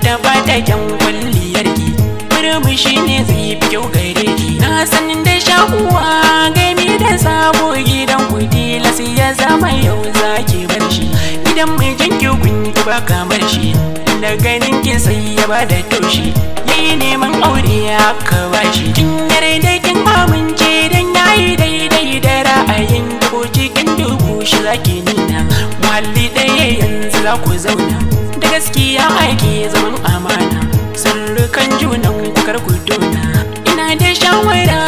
ta kyan kwalliyar ki murmushi ne zai fi kyau gare ki na sanin da shakuwa gami da sabo gidan kudi lasi ya zama yau ke bar shi gidan mai jinki kun ki ba kamar shi da ganin ki sai ya ba da toshi yayi neman aure ya kawa shi kin da kin amince dan yayi daidai da ra'ayin ko cikin dubu shi zaki ne Mahalli ɗaya yanzu za ku zauna Da gaskiya aiki zaman amana Sirrukan juna ku kar ku dona Ina da shawara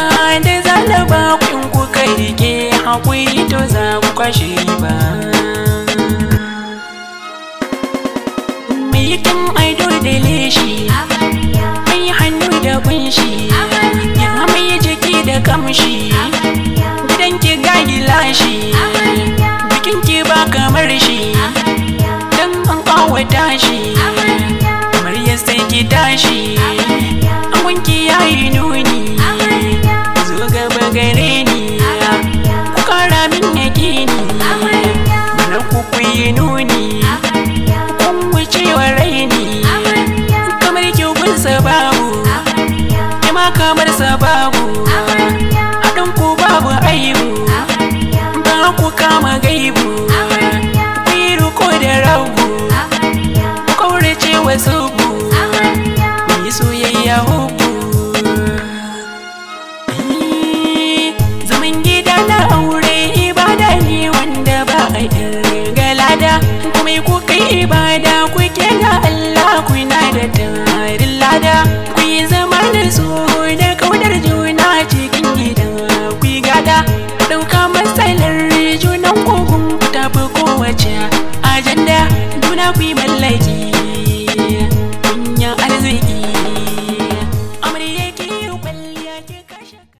da zalaba ku in kuka rike hakuri to za ku kwashe ba Mikin aido da leshi Mai hannu da kunshi Mai jiki da kamshi wa tashi amarya sai ki tashi amunki ya yi nuni zo gaba gare ni ku kara min gini mana ku ku yi nuni kun wuce wa raini kamar kyaugun sababu ma kamar sababu a ku babu aibu ba ku kama gaibu sweet.